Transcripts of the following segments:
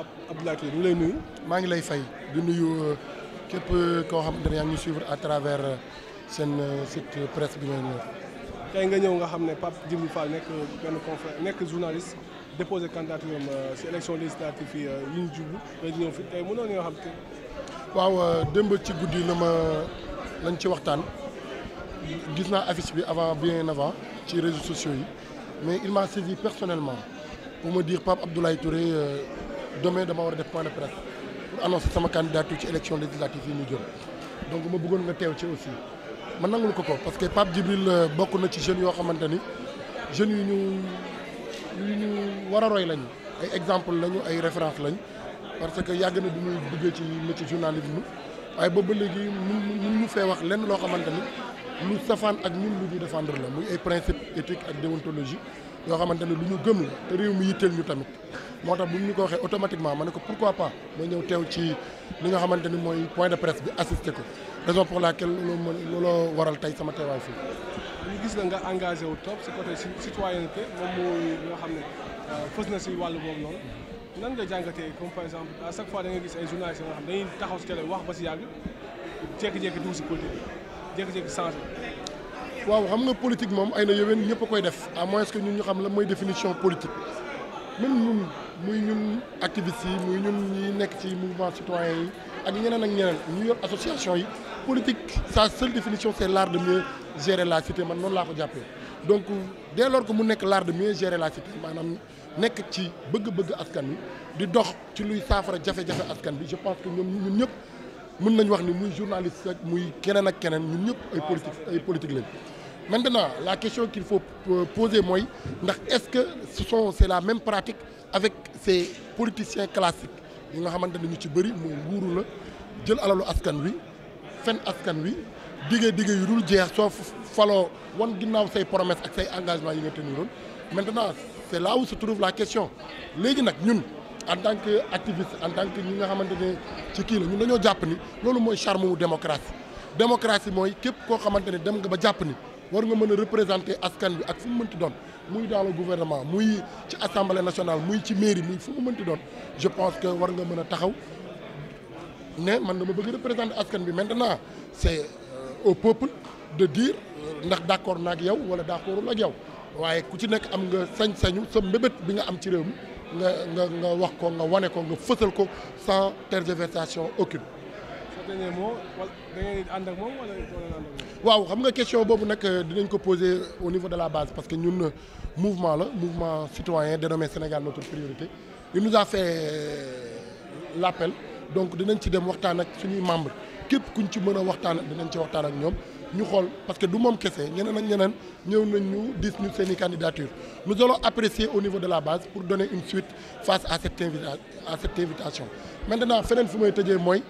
Pape Abdoulaye Touré maa ngi lay fay di nuyu euh, képp koo xam ne yaa ngi suivre à travers euh, seen euh, site presse bi ngay ñëw. tey nga ñëw nga xam ne Pape Djibril Fall nekk benn confrère nekk journaliste déposé candidature am si élection législative yi ñu jublu nga ñëw fi tey mënoon nga xam te. waaw démb ci guddi la ma lañ ci waxtaan gis naa affiche bi avant bien avant ci réseaux sociaux yi mais il m'a saisi personnellement pour me dire Pape Abdoulaye Touré. demain dama war a def point de presse pour annoncer sama candidature ci élection législative yi ñu jëm donc ma bëggoon nga teew ci aussi ma nangul ko ko parce que Pape Djibril euh, bokk na ci jeune yoo xamante ni jeunes yu ñu yu war a roy lañ ay exemple lañu ay référence lañ parce que yàgg na bu ñuy duggee ci ci journalisme waaye boobu ba léegi mun ñu fee wax lenn loo xamante ni lu safaan ak nu lu ñu défendre la muy ay principe éthique ak déontologie yoo xamante ne lu ñu gëm la te réew mi yitteel ñu tamit moo tax bu ñu ko waxee automatiquement ma ne ko pourquoi pas ma ñëw teew ci li nga xamante ni mooy point de presse bi assisté ko raison pour laquelle looloo waral tey sama fii. gis la nga engagé wu trop si côté citoyenneté moom mooy xam ne euh, fës na si wàllu boobu noonu nan nga jàngatee comme par exemple à chaque fois da nga gis ay journalistes nga xam dañuy taxaw si télé wax ba si yàgg jékki-jékki dugg si politique jékki-jékki changé. waaw xam nga politique moom ay na yoween ñëpp a koy def à moins que ñun ñu xam la mooy définition politique même ñun muy ñun activistes yi muy ñun ñi nekk ci mouvement citoyen yi ak ñeneen ak ñeneen ñu yor association yi politique sa seule définition c'est l'art de mieux gérer la cité man noonu laa ko jàppee donc dès ko mu nekk l'art de mieux gérer la cité maanaam nekk ci bëgg-bëgg askan bi di dox ci luy saafara jafe-jafe askan bi je pense que ñoom ñun ñëpp mun nañu wax ni muy journaliste ak muy keneen ak keneen ñun ñëpp ay politique ay politique lañ maintenant la question qu'il faut euh, poser mooy ndax est-ce que ce sont c'est la même pratique avec ces politiciens classiques yi nga xamante ne ñu ci bëri mu nguuru la jël alalu askan wi fen askan wi diggee diggee yu dul jeex soo faloo wan ginnaaw say promesse ak say engagement yi nga teniroon maintenant c'est là où se trouve la question léegi nag ñun en tant que activiste en tant que ñi nga xamante ne ci kii la ñun dañoo jàpp ni loolu mooy charme wu démocratie démocratie mooy képp koo xamante ne dem nga ba jàpp ni war nga mën a représenté askan bi ak fu mu mënti doon muy dans a gouvernement muy ci assemblée nationale muy ci mairie muy fu mu mënti doon je pense que war nga mën a taxaw ne man dama bëgg représenter askan bi maintenant c'est euh, au peuple de dire euh, ndax d'accord na ak yow wala d'accordul ak yow waaye ku ci nekk am nga sañ-sañu sa mbébét bi nga am ci réew mi nga nga nga wax ko nga wane ko nga fësal ko sans tergiversation aucune. waaw xam nga question boobu nag euh, dinañ ko poser au niveau de la base parce que ñun euh, mouvement la mouvement citoyen dénommé Sénégal na notre priorité il nous a fait euh, l'appel donc dinañ ci dem waxtaan ak ñuy membre képp kuñ ci mën a waxtaan dinañ ci waxtaan ak ñoom. ñu xool parce que du moom kese ñeneen ak ñeneen ñëw nañ ñu dis ñu seen i candidature nous jolo apprécier au niveau de la base pour donner une suite face à cette invita à cette invitation maintenant feneen fu may tëjee mooy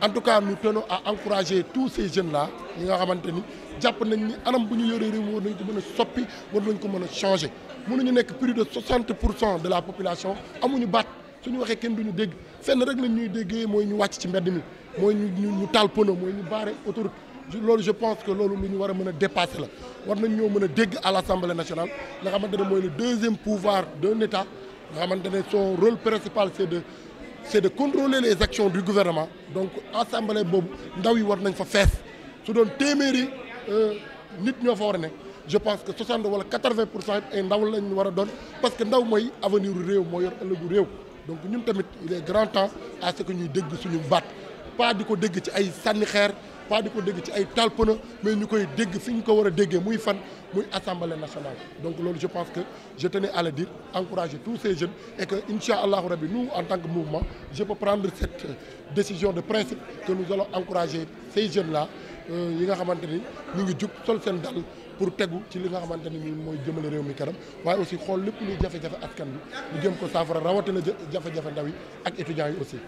en tout cas nous tenons à encourager tous ces jeunes là ñi nga xamante ni jàpp nañ ni anam bu ñu yoree réew mi war nañ ko mën a soppi war nañ ko mën a changer mënuñu nekk plus de 60 pour cent de la population amuñu baat suñu waxee kenn duñu dégg fenn rek lañ ñuy déggee mooy ñu wàcc ci mbedd mi mooy ñu ñu taal pono mooy ñu baare autoroute loolu je pense que loolu lu ñu war a mën a dépassé la war nañ ñoo mën a dégg à l'Assemblée nationale nga xamante ne mooy le deuxième pouvoir de État nga xamante ne son rôle principal c'est de c'est de contrôler les actions du gouvernement donc assemblée boobu ndaw yi war nañ fa fees su doon téeméeri euh, nit ñoo fa war a nekk je pense que 60 wala 80 pour cent ay ndaw lañ war a doon parce que ndaw mooy avenir u réew moo yor ëllëgu réew donc ñun tamit il est grand à ce que ñuy dégg suñu baat pas di ko dégg ci ay sànni xeer pas di ko dégg ci ay talpona mais ñu koy dégg fi ñu ko war a déggee muy fan muy assemblée nationale donc loolu je pense que je tenais à le dire encourager tous ces jeunes et que incha allahu rabbi nous en tant que mouvement je peux prendre cette décision de principe que nous allons encourager ces jeunes la euh, yi nga xamante ni ñu ngi jub sol seen dal pour tegu ci li nga xamante ni mooy jëmale réew mi kanam waaye aussi xool lépp luy jafe-jafe askan bi ñu jëm ko saafara rawatina jafe-jafe ndaw ak étudiants yi aussi